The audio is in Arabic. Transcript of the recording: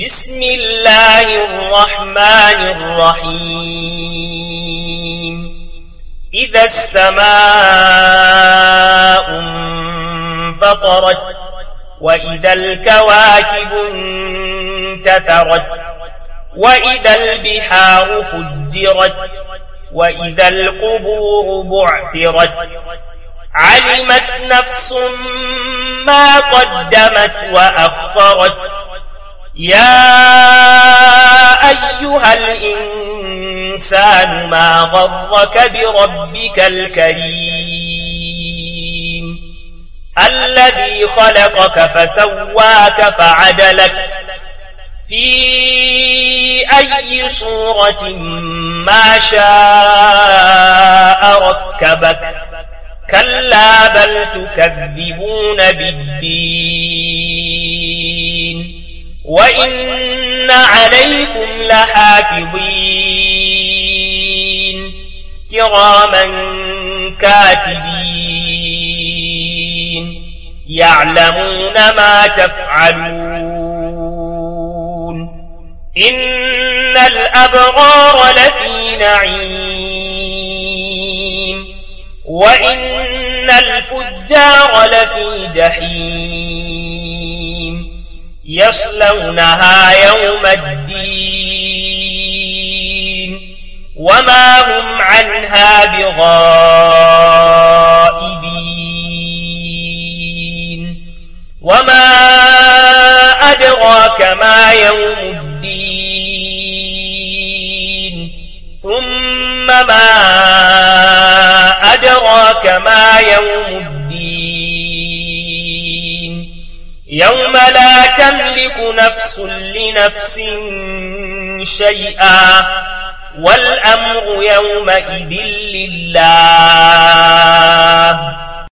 بسم الله الرحمن الرحيم إذا السماء انفطرت وإذا الكواكب انتثرت وإذا البحار فجرت وإذا القبور بعثرت علمت نفس ما قدمت وأخرت يا أيها الإنسان ما غرك بربك الكريم الذي خلقك فسواك فعدلك في أي صورة ما شاء ركبك كلا بل تكذبون بالدين وإن عليكم لحافظين كراما كاتبين يعلمون ما تفعلون إن الأبرار لفي نعيم وإن الفجار لفي جحيم يصلونها يوم الدين وما هم عنها بغائبين وما أدراك ما يوم الدين ثم ما أدراك ما يوم الدين يوم لا تملك نفس لنفس شيئا والأمر يومئذ لله